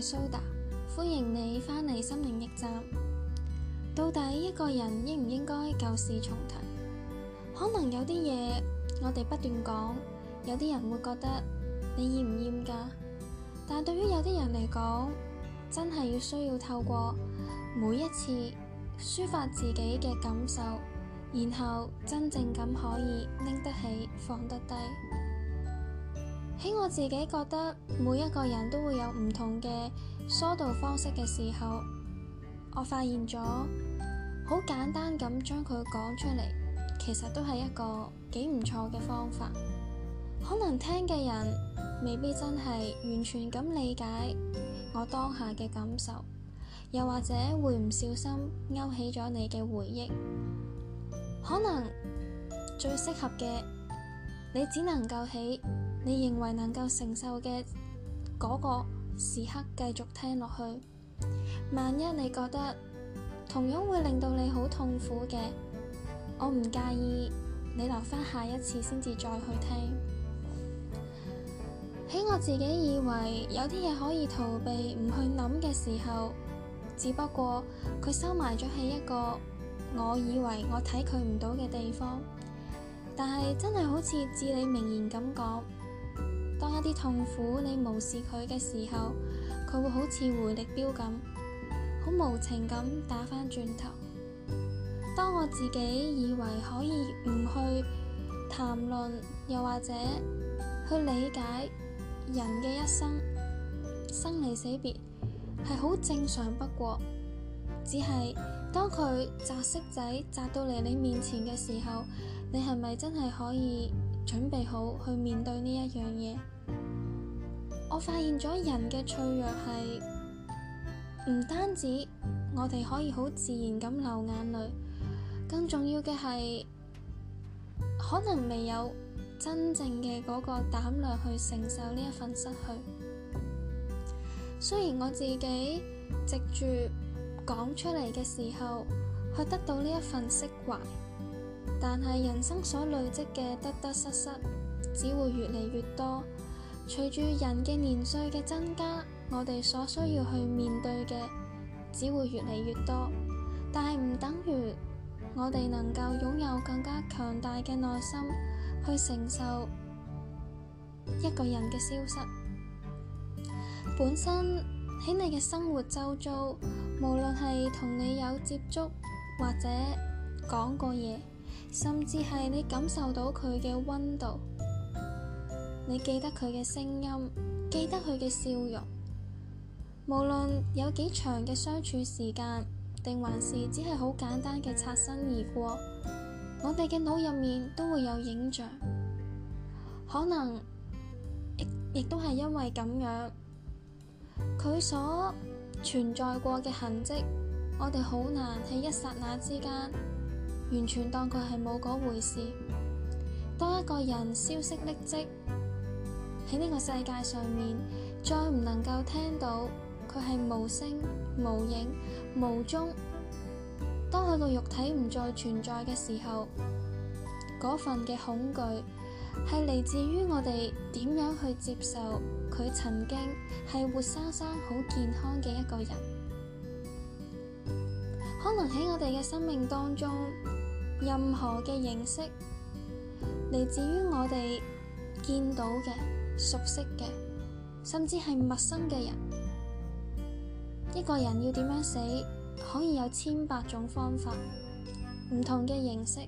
蘇打，歡迎你返嚟，心靈驛站。到底一個人應唔應該舊事重提？可能有啲嘢我哋不斷講，有啲人會覺得你厭唔厭㗎？但對於有啲人嚟講，真係要需要透過每一次抒發自己嘅感受，然後真正咁可以拎得起放得低。喺我自己覺得每一個人都會有唔同嘅疏導方式嘅時候，我發現咗好簡單咁將佢講出嚟，其實都係一個幾唔錯嘅方法。可能聽嘅人未必真係完全咁理解我當下嘅感受，又或者會唔小心勾起咗你嘅回憶。可能最適合嘅，你只能夠喺。你認為能夠承受嘅嗰個時刻繼續聽落去，萬一你覺得同樣會令到你好痛苦嘅，我唔介意你留翻下一次先至再去聽。喺我自己以為有啲嘢可以逃避唔去諗嘅時候，只不過佢收埋咗喺一個我以為我睇佢唔到嘅地方，但係真係好似至理名言咁講。當一啲痛苦你無視佢嘅時候，佢會好似回力鏢咁，好無情咁打翻轉頭。當我自己以為可以唔去談論，又或者去理解人嘅一生，生離死別，係好正常不過。只係當佢砸色仔砸到嚟你面前嘅時候，你係咪真係可以？準備好去面對呢一樣嘢。我發現咗人嘅脆弱係唔單止我哋可以好自然咁流眼淚，更重要嘅係可能未有真正嘅嗰個膽量去承受呢一份失去。雖然我自己藉住講出嚟嘅時候去得到呢一份釋懷。但係人生所累積嘅得得失失，只會越嚟越多。隨住人嘅年歲嘅增加，我哋所需要去面對嘅，只會越嚟越多。但係唔等於我哋能夠擁有更加強大嘅內心去承受一個人嘅消失。本身喺你嘅生活周遭，無論係同你有接觸或者講過嘢。甚至係你感受到佢嘅溫度，你記得佢嘅聲音，記得佢嘅笑容，無論有幾長嘅相處時間，定還是只係好簡單嘅擦身而過，我哋嘅腦入面都會有影像，可能亦都係因為咁樣，佢所存在過嘅痕跡，我哋好難喺一剎那之間。完全當佢係冇嗰回事。當一個人消息匿跡喺呢個世界上面，再唔能夠聽到佢係無聲、無影、無蹤。當佢個肉體唔再存在嘅時候，嗰份嘅恐懼係嚟自於我哋點樣去接受佢曾經係活生生好健康嘅一個人。可能喺我哋嘅生命當中。任何嘅形式嚟自於我哋見到嘅熟悉嘅，甚至係陌生嘅人。一個人要點樣死，可以有千百種方法，唔同嘅形式。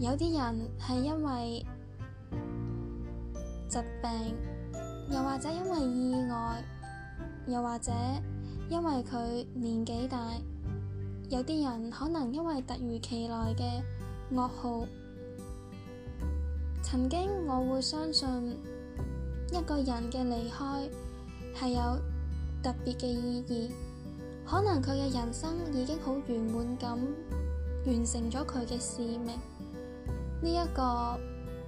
有啲人係因為疾病，又或者因為意外，又或者因為佢年紀大。有啲人可能因為突如其來嘅噩耗，曾經我會相信一個人嘅離開係有特別嘅意義，可能佢嘅人生已經好圓滿咁完成咗佢嘅使命。呢、這、一個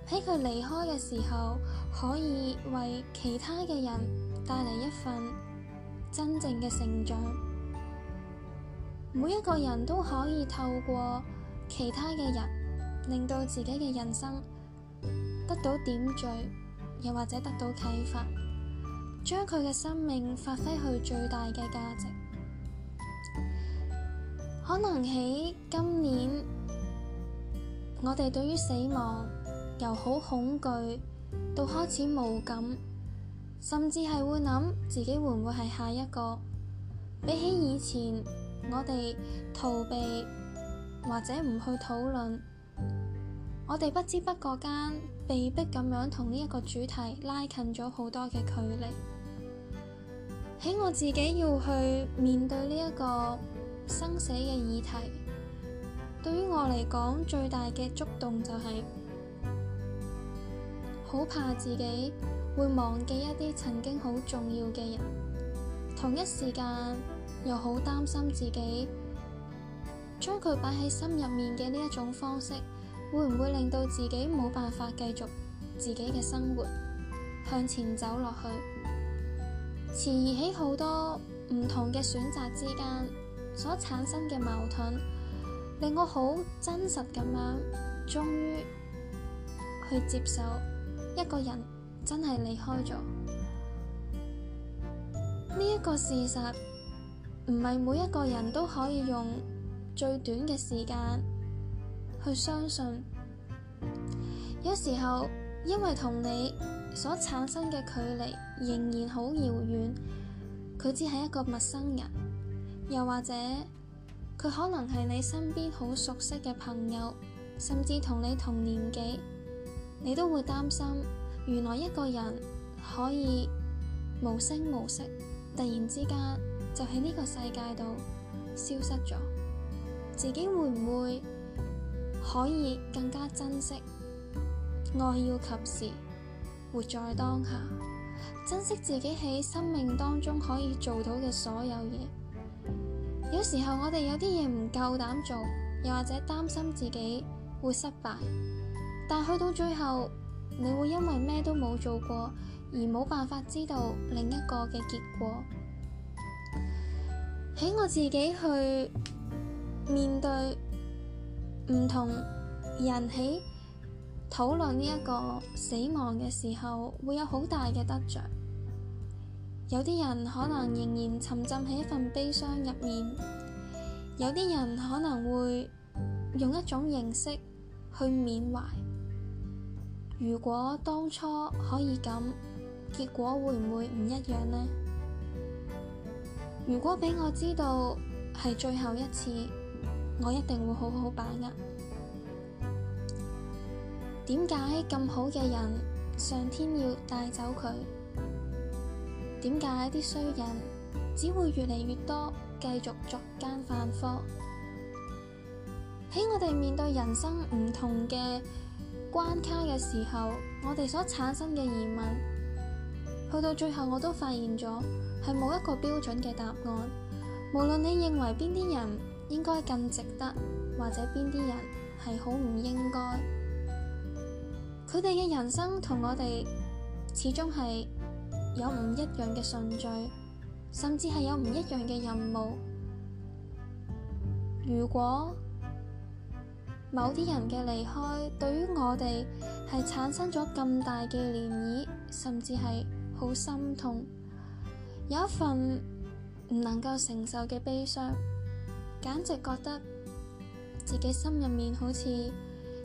喺佢離開嘅時候，可以為其他嘅人帶嚟一份真正嘅成長。每一個人都可以透過其他嘅人，令到自己嘅人生得到點綴，又或者得到啟發，將佢嘅生命發揮去最大嘅價值。可能喺今年，我哋對於死亡由好恐懼，到開始無感，甚至係會諗自己會唔會係下一個？比起以前。我哋逃避或者唔去討論，我哋不知不覺間被迫咁樣同呢一個主題拉近咗好多嘅距離。喺我自己要去面對呢一個生死嘅議題，對於我嚟講，最大嘅觸動就係、是、好怕自己會忘記一啲曾經好重要嘅人，同一時間。又好擔心自己將佢擺喺心入面嘅呢一種方式，會唔會令到自己冇辦法繼續自己嘅生活向前走落去？遲疑起好多唔同嘅選擇之間所產生嘅矛盾，令我好真實咁樣，終於去接受一個人真係離開咗呢一個事實。唔係每一個人都可以用最短嘅時間去相信，有時候因為同你所產生嘅距離仍然好遙遠，佢只係一個陌生人，又或者佢可能係你身邊好熟悉嘅朋友，甚至同你同年紀，你都會擔心，原來一個人可以無聲無息，突然之間。就喺呢個世界度消失咗，自己會唔會可以更加珍惜？愛要及時活在當下，珍惜自己喺生命當中可以做到嘅所有嘢。有時候我哋有啲嘢唔夠膽做，又或者擔心自己會失敗，但去到最後，你會因為咩都冇做過而冇辦法知道另一個嘅結果。喺我自己去面對唔同人喺討論呢一個死亡嘅時候，會有好大嘅得着。有啲人可能仍然沉浸喺一份悲傷入面，有啲人可能會用一種形式去緬懷。如果當初可以咁，結果會唔會唔一樣呢？如果俾我知道係最後一次，我一定會好好把握。點解咁好嘅人，上天要帶走佢？點解啲衰人只會越嚟越多，繼續作奸犯科？喺我哋面對人生唔同嘅關卡嘅時候，我哋所產生嘅疑問，去到最後我都發現咗。係冇一個標準嘅答案，無論你認為邊啲人應該更值得，或者邊啲人係好唔應該，佢哋嘅人生同我哋始終係有唔一樣嘅順序，甚至係有唔一樣嘅任務。如果某啲人嘅離開對於我哋係產生咗咁大嘅漣漪，甚至係好心痛，有一份唔能夠承受嘅悲傷，簡直覺得自己心入面好似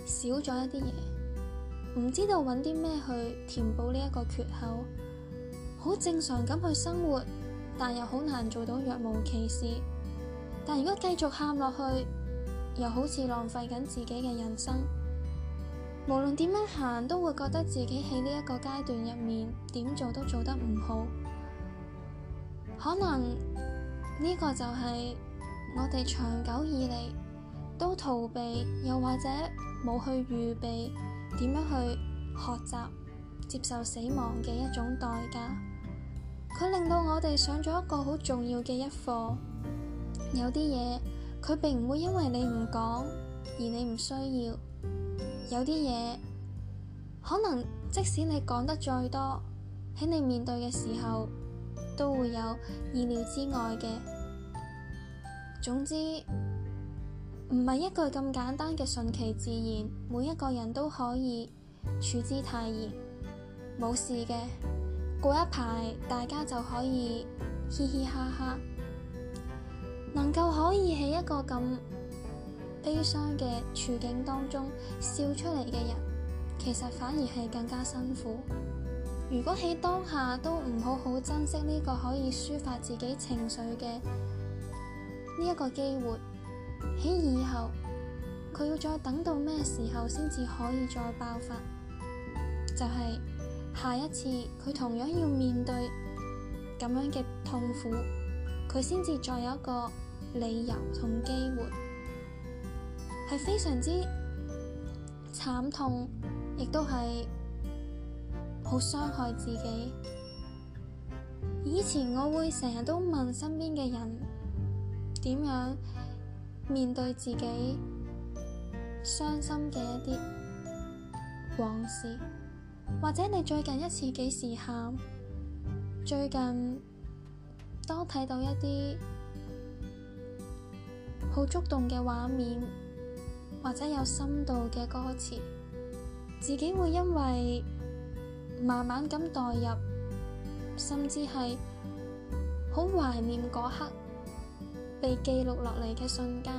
少咗一啲嘢，唔知道揾啲咩去填補呢一個缺口。好正常咁去生活，但又好難做到若無其事。但如果繼續喊落去，又好似浪費緊自己嘅人生。無論點樣行，都會覺得自己喺呢一個階段入面點做都做得唔好。可能呢個就係我哋長久以嚟都逃避，又或者冇去預備點樣去學習接受死亡嘅一種代價。佢令到我哋上咗一個好重要嘅一課。有啲嘢佢並唔會因為你唔講而你唔需要，有啲嘢可能即使你講得再多，喺你面對嘅時候。都會有意料之外嘅。總之，唔係一句咁簡單嘅順其自然，每一個人都可以處之泰然，冇事嘅。過一排，大家就可以嘻嘻哈哈。能夠可以喺一個咁悲傷嘅處境當中笑出嚟嘅人，其實反而係更加辛苦。如果喺當下都唔好好珍惜呢個可以抒發自己情緒嘅呢一個機會，喺以後，佢要再等到咩時候先至可以再爆發？就係下一次佢同樣要面對咁樣嘅痛苦，佢先至再有一個理由同機會，係非常之慘痛，亦都係。好傷害自己。以前我會成日都問身邊嘅人點樣面對自己傷心嘅一啲往事，或者你最近一次幾時喊？最近多睇到一啲好觸動嘅畫面，或者有深度嘅歌詞，自己會因為。慢慢咁代入，甚至係好懷念嗰刻被記錄落嚟嘅瞬間，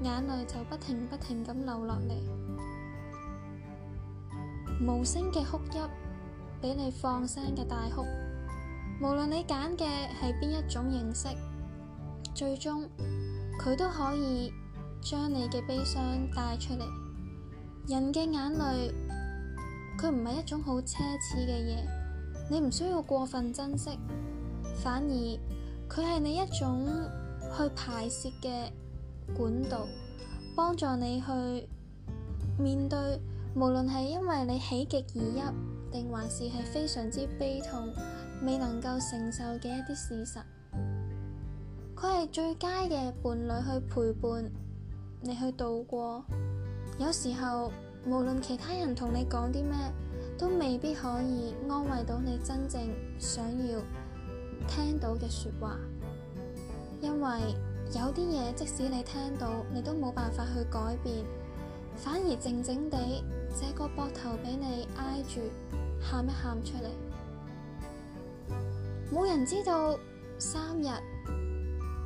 眼淚就不停不停咁流落嚟，無聲嘅哭泣比你放聲嘅大哭，無論你揀嘅係邊一種形式，最終佢都可以將你嘅悲傷帶出嚟。人嘅眼淚。佢唔係一種好奢侈嘅嘢，你唔需要過分珍惜，反而佢係你一種去排泄嘅管道，幫助你去面對，無論係因為你喜極而泣，定還是係非常之悲痛，未能夠承受嘅一啲事實，佢係最佳嘅伴侶去陪伴你去度過，有時候。無論其他人同你講啲咩，都未必可以安慰到你真正想要聽到嘅說話，因為有啲嘢即使你聽到，你都冇辦法去改變，反而靜靜地借個膊頭俾你挨住，喊一喊出嚟，冇人知道三日，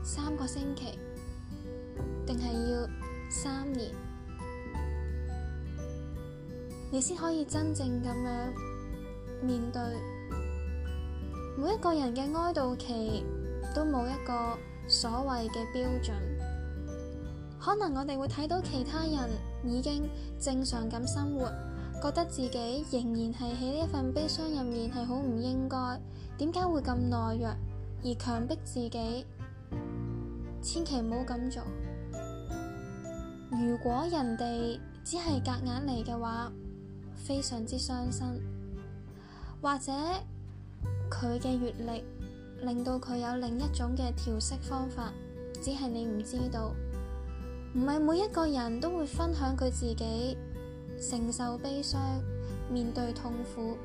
三個星期，定係要三年。你先可以真正咁樣面對每一個人嘅哀悼期，都冇一個所謂嘅標準。可能我哋會睇到其他人已經正常咁生活，覺得自己仍然係喺呢一份悲傷入面，係好唔應該。點解會咁懦弱而強迫自己？千祈唔好咁做。如果人哋只係隔硬嚟嘅話，非常之傷心，或者佢嘅閲歷令到佢有另一種嘅調適方法，只係你唔知道。唔係每一個人都會分享佢自己承受悲傷、面對痛苦，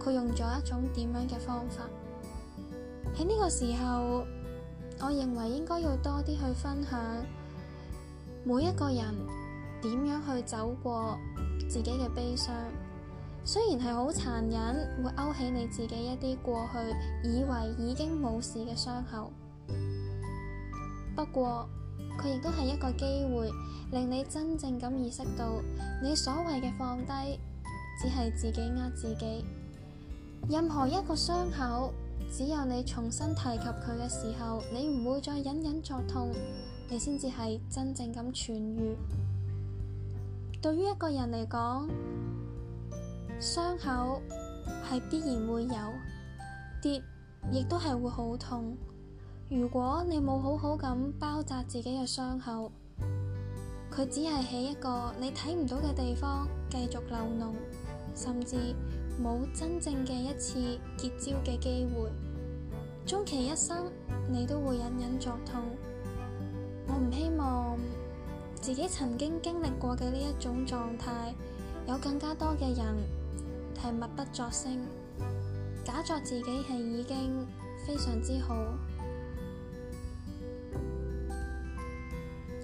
佢用咗一種點樣嘅方法。喺呢個時候，我認為應該要多啲去分享每一個人點樣去走過自己嘅悲傷，雖然係好殘忍，會勾起你自己一啲過去以為已經冇事嘅傷口。不過，佢亦都係一個機會，令你真正咁意識到，你所謂嘅放低，只係自己呃自己。任何一個傷口，只有你重新提及佢嘅時候，你唔會再隱隱作痛，你先至係真正咁痊癒。對於一個人嚟講，傷口係必然會有跌，亦都係會好痛。如果你冇好好咁包紮自己嘅傷口，佢只係喺一個你睇唔到嘅地方繼續流膿，甚至冇真正嘅一次結痂嘅機會。終其一生，你都會隱隱作痛。我唔希望。自己曾經經歷過嘅呢一種狀態，有更加多嘅人係默不作聲，假作自己係已經非常之好。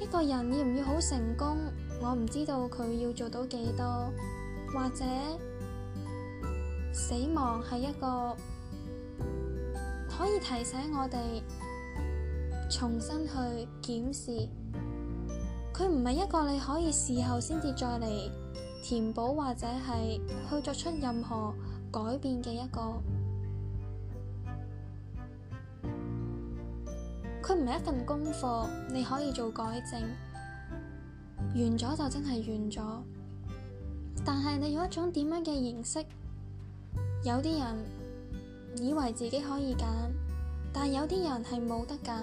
一個人要唔要好成功，我唔知道佢要做到幾多，或者死亡係一個可以提醒我哋重新去檢視。佢唔係一個你可以事後先至再嚟填補或者係去作出任何改變嘅一個。佢唔係一份功課，你可以做改正，完咗就真係完咗。但係你用一種點樣嘅形式？有啲人以為自己可以揀，但有啲人係冇得揀。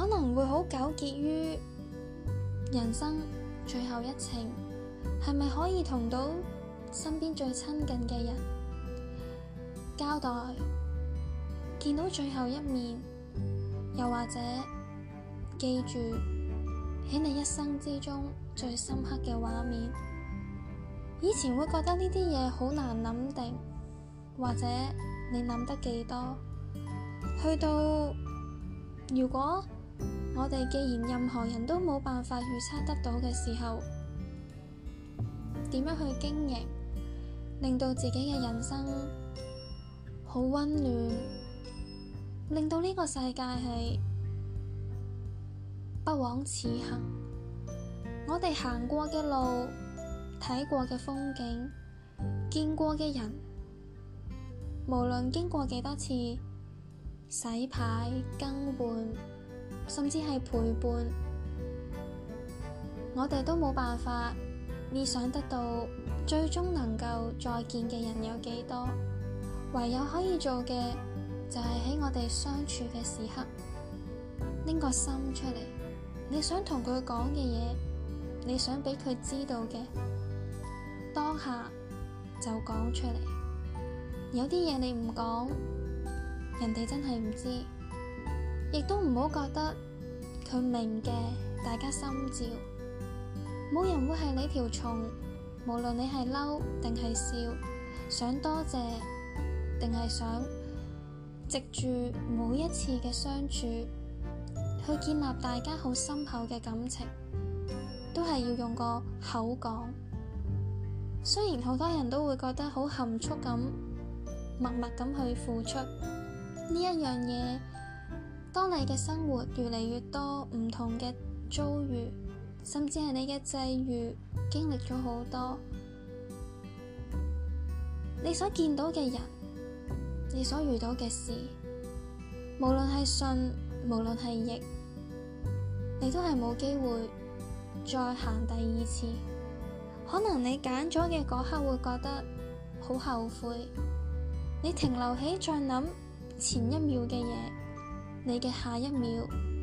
可能會好糾結於人生最後一程，係咪可以同到身邊最親近嘅人交代，見到最後一面，又或者記住喺你一生之中最深刻嘅畫面。以前會覺得呢啲嘢好難諗定，或者你諗得幾多，去到如果。我哋既然任何人都冇辦法預測得到嘅時候，點樣去經營，令到自己嘅人生好溫暖，令到呢個世界係不枉此行。我哋行過嘅路，睇過嘅風景，見過嘅人，無論經過幾多次洗牌更換。甚至係陪伴，我哋都冇辦法意想得到，最終能夠再見嘅人有幾多？唯有可以做嘅，就係喺我哋相處嘅時刻，拎個心出嚟，你想同佢講嘅嘢，你想俾佢知道嘅，當下就講出嚟。有啲嘢你唔講，人哋真係唔知。亦都唔好覺得佢明嘅，大家心照，冇人會係你條蟲。無論你係嬲定係笑，想多謝定係想藉住每一次嘅相處去建立大家好深厚嘅感情，都係要用個口講。雖然好多人都會覺得好含蓄咁，默默咁去付出呢一樣嘢。當你嘅生活越嚟越多唔同嘅遭遇，甚至係你嘅際遇，經歷咗好多，你所見到嘅人，你所遇到嘅事，無論係信，無論係逆，你都係冇機會再行第二次。可能你揀咗嘅嗰刻會覺得好後悔，你停留起再諗前一秒嘅嘢。你嘅下一秒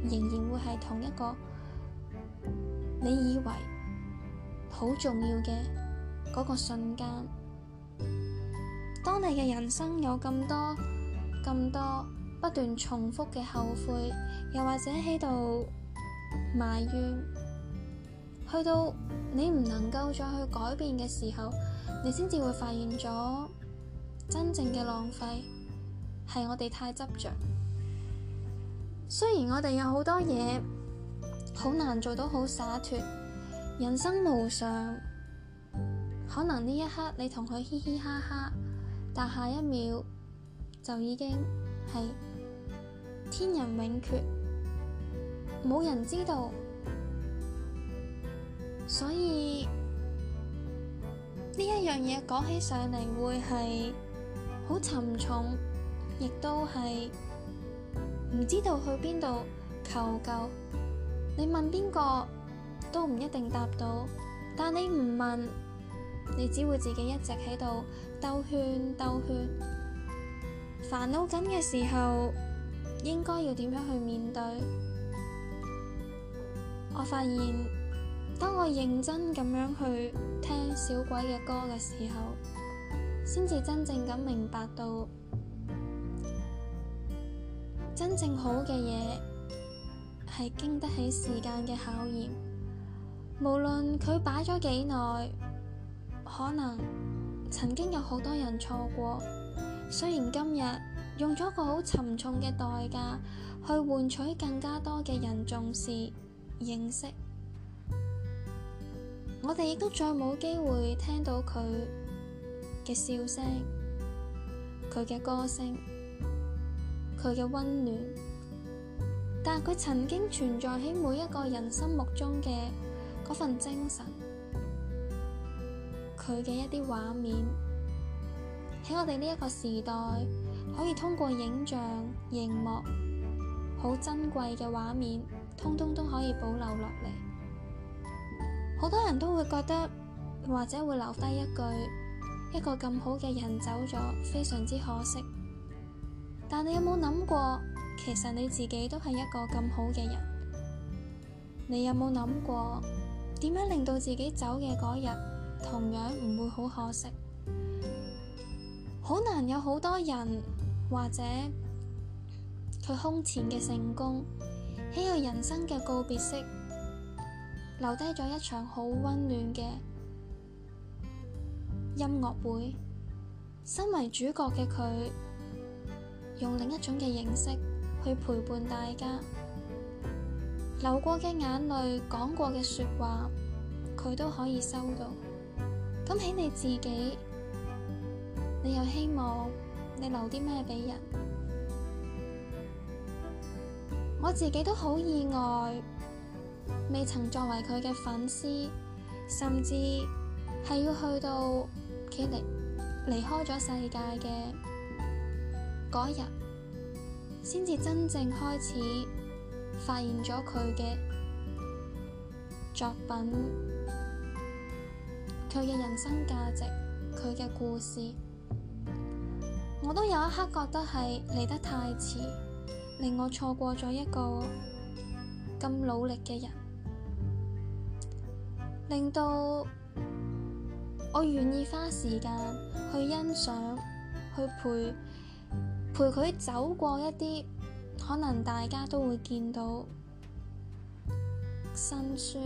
仍然會係同一個你以為好重要嘅嗰個瞬間。當你嘅人生有咁多咁多不斷重複嘅後悔，又或者喺度埋怨，去到你唔能夠再去改變嘅時候，你先至會發現咗真正嘅浪費係我哋太執着。雖然我哋有好多嘢好難做到好灑脱，人生無常，可能呢一刻你同佢嘻嘻哈哈，但下一秒就已經係天人永隔，冇人知道，所以呢一樣嘢講起上嚟會係好沉重，亦都係。唔知道去邊度求救，你問邊個都唔一定答到，但你唔問，你只會自己一直喺度兜圈兜圈。煩惱緊嘅時候，應該要點樣去面對？我發現，當我認真咁樣去聽小鬼嘅歌嘅時候，先至真正咁明白到。真正好嘅嘢，係經得起時間嘅考驗。無論佢擺咗幾耐，可能曾經有好多人錯過。雖然今日用咗個好沉重嘅代價去換取更加多嘅人重視認識，我哋亦都再冇機會聽到佢嘅笑聲，佢嘅歌聲。佢嘅溫暖，但佢曾經存在喺每一個人心目中嘅嗰份精神，佢嘅一啲畫面喺我哋呢一個時代，可以通過影像、熒幕，好珍貴嘅畫面，通通都可以保留落嚟。好多人都會覺得，或者會留低一句：一個咁好嘅人走咗，非常之可惜。但你有冇諗過，其實你自己都係一個咁好嘅人？你有冇諗過點樣令到自己走嘅嗰日，同樣唔會好可惜？好難有好多人或者佢空前嘅成功，喺佢人生嘅告別式，留低咗一場好溫暖嘅音樂會。身為主角嘅佢。用另一種嘅形式去陪伴大家，流過嘅眼淚，講過嘅説話，佢都可以收到。咁起你自己，你又希望你留啲咩俾人？我自己都好意外，未曾作為佢嘅粉絲，甚至係要去到佢離離開咗世界嘅。嗰日先至真正開始發現咗佢嘅作品，佢嘅人生價值，佢嘅故事。我都有一刻覺得係嚟得太遲，令我錯過咗一個咁努力嘅人，令到我願意花時間去欣賞，去陪。陪佢走過一啲可能，大家都會見到辛酸，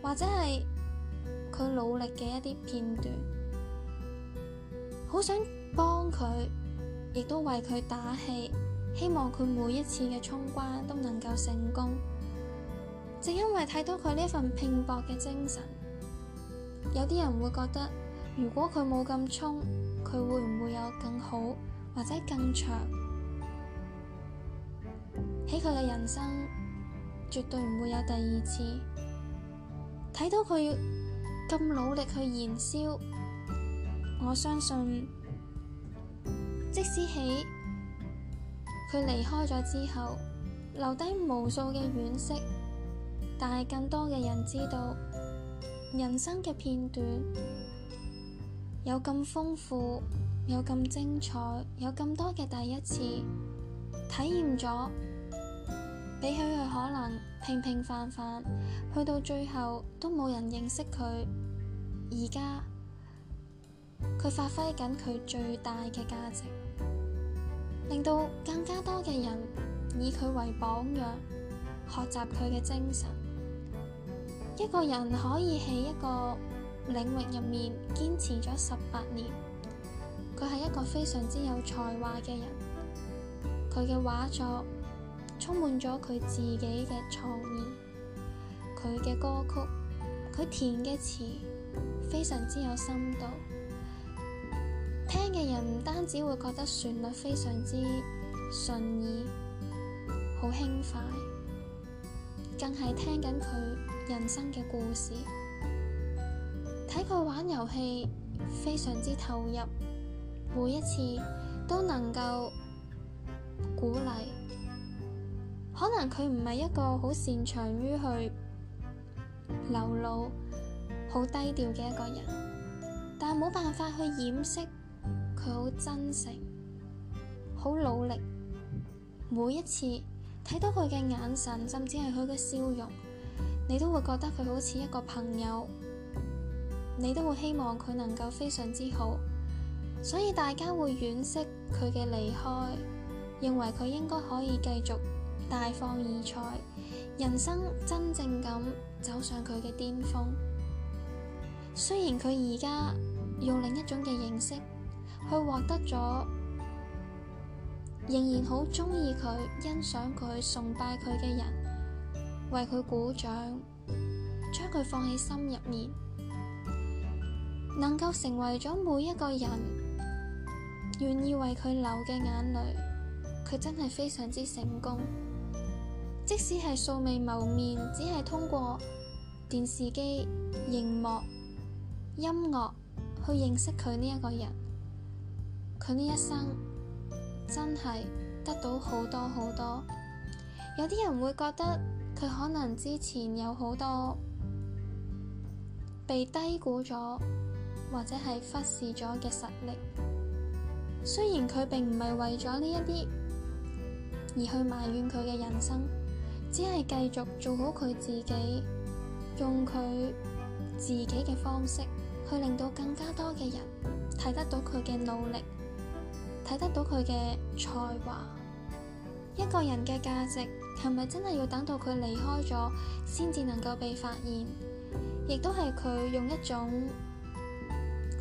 或者係佢努力嘅一啲片段，好想幫佢，亦都為佢打氣，希望佢每一次嘅衝關都能夠成功。正因為睇到佢呢份拼搏嘅精神，有啲人會覺得，如果佢冇咁衝，佢會唔會有更好？或者更長，喺佢嘅人生絕對唔會有第二次。睇到佢咁努力去燃燒，我相信即使喺佢離開咗之後，留低無數嘅惋惜，但係更多嘅人知道，人生嘅片段有咁豐富。有咁精彩，有咁多嘅第一次體驗咗，比起佢可能平平凡凡，去到最後都冇人認識佢。而家佢發揮緊佢最大嘅價值，令到更加多嘅人以佢為榜樣學習佢嘅精神。一個人可以喺一個領域入面堅持咗十八年。佢係一個非常之有才華嘅人，佢嘅畫作充滿咗佢自己嘅創意，佢嘅歌曲，佢填嘅詞非常之有深度，聽嘅人唔單止會覺得旋律非常之順意，好輕快，更係聽緊佢人生嘅故事，睇佢玩遊戲非常之投入。每一次都能夠鼓勵，可能佢唔係一個好擅長於去流露，好低調嘅一個人，但係冇辦法去掩飾佢好真誠、好努力。每一次睇到佢嘅眼神，甚至係佢嘅笑容，你都會覺得佢好似一個朋友，你都會希望佢能夠非常之好。所以大家會惋惜佢嘅離開，認為佢應該可以繼續大放異彩，人生真正咁走上佢嘅巔峰。雖然佢而家用另一種嘅認識去獲得咗，仍然好中意佢、欣賞佢、崇拜佢嘅人，為佢鼓掌，將佢放喺心入面，能夠成為咗每一個人。願意為佢流嘅眼淚，佢真係非常之成功。即使係素未謀面，只係通過電視機、熒幕、音樂去認識佢呢一個人，佢呢一生真係得到好多好多。有啲人會覺得佢可能之前有好多被低估咗，或者係忽視咗嘅實力。雖然佢並唔係為咗呢一啲而去埋怨佢嘅人生，只係繼續做好佢自己，用佢自己嘅方式去令到更加多嘅人睇得到佢嘅努力，睇得到佢嘅才華。一個人嘅價值係咪真係要等到佢離開咗先至能夠被發現？亦都係佢用一種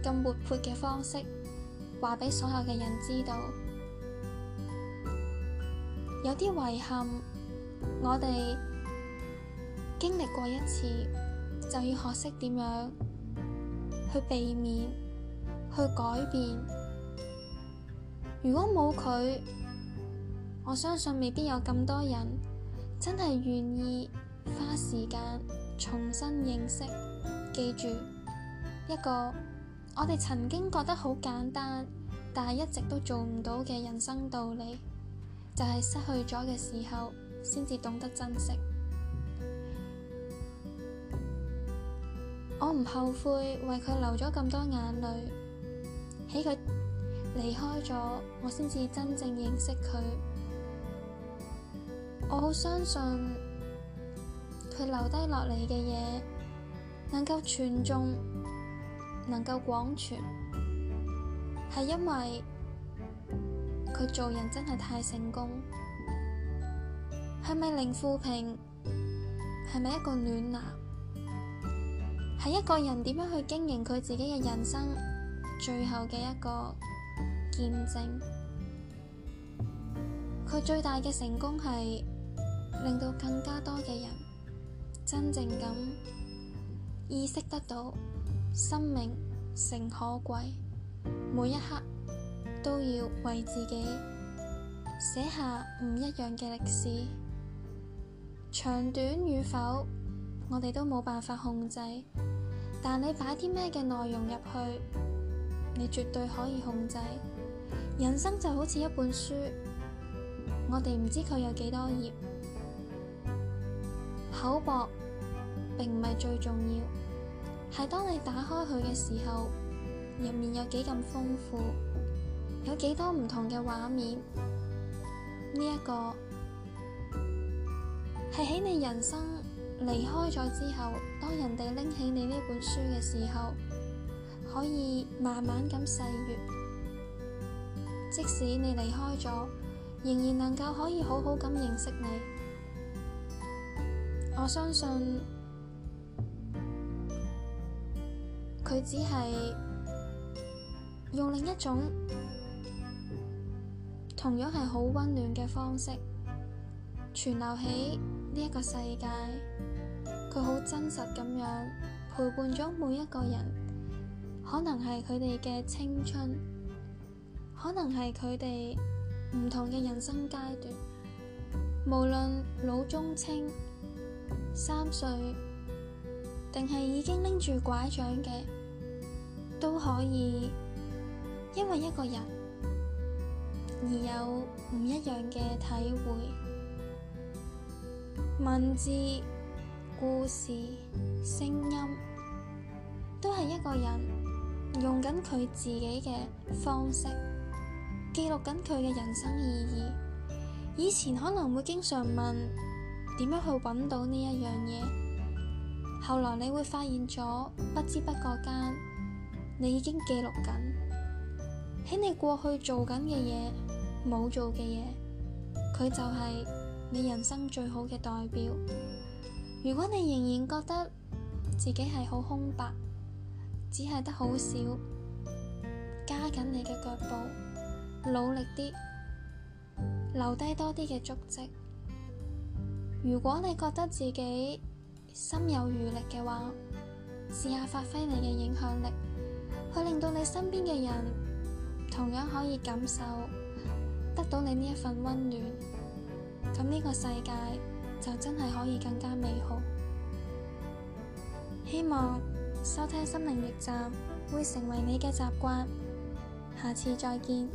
咁活潑嘅方式。話俾所有嘅人知道，有啲遺憾，我哋經歷過一次，就要學識點樣去避免，去改變。如果冇佢，我相信未必有咁多人真係願意花時間重新認識、記住一個。我哋曾經覺得好簡單，但係一直都做唔到嘅人生道理，就係失去咗嘅時候，先至懂得珍惜。我唔後悔為佢流咗咁多眼淚。喺佢離開咗，我先至真正認識佢。我好相信佢留低落嚟嘅嘢，能夠傳頌。能夠廣傳，係因為佢做人真係太成功。係咪零負評？係咪一個暖男？係一個人點樣去經營佢自己嘅人生？最後嘅一個見證，佢最大嘅成功係令到更加多嘅人真正咁意識得到。生命誠可貴，每一刻都要為自己寫下唔一樣嘅歷史。長短與否，我哋都冇辦法控制，但你擺啲咩嘅內容入去，你絕對可以控制。人生就好似一本書，我哋唔知佢有幾多頁，厚薄並唔係最重要。係當你打開佢嘅時候，入面有幾咁豐富，有幾多唔同嘅畫面。呢一個係喺你人生離開咗之後，當人哋拎起你呢本書嘅時候，可以慢慢咁細閱，即使你離開咗，仍然能夠可以好好咁認識你。我相信。佢只係用另一種同樣係好溫暖嘅方式，存留喺呢一個世界。佢好真實咁樣陪伴咗每一個人，可能係佢哋嘅青春，可能係佢哋唔同嘅人生階段，無論老中青、三歲，定係已經拎住拐杖嘅，都可以，因為一個人而有唔一樣嘅體會。文字、故事、聲音，都係一個人用緊佢自己嘅方式記錄緊佢嘅人生意義。以前可能會經常問，點樣去揾到呢一樣嘢？後來你會發現咗，不知不覺間。你已經記錄緊，喺你過去做緊嘅嘢，冇做嘅嘢，佢就係你人生最好嘅代表。如果你仍然覺得自己係好空白，只係得好少，加緊你嘅腳步，努力啲，留低多啲嘅足跡。如果你覺得自己心有餘力嘅話，試下發揮你嘅影響力。去令到你身邊嘅人，同樣可以感受得到你呢一份溫暖，咁呢個世界就真係可以更加美好。希望收聽心靈驛站會成為你嘅習慣，下次再見。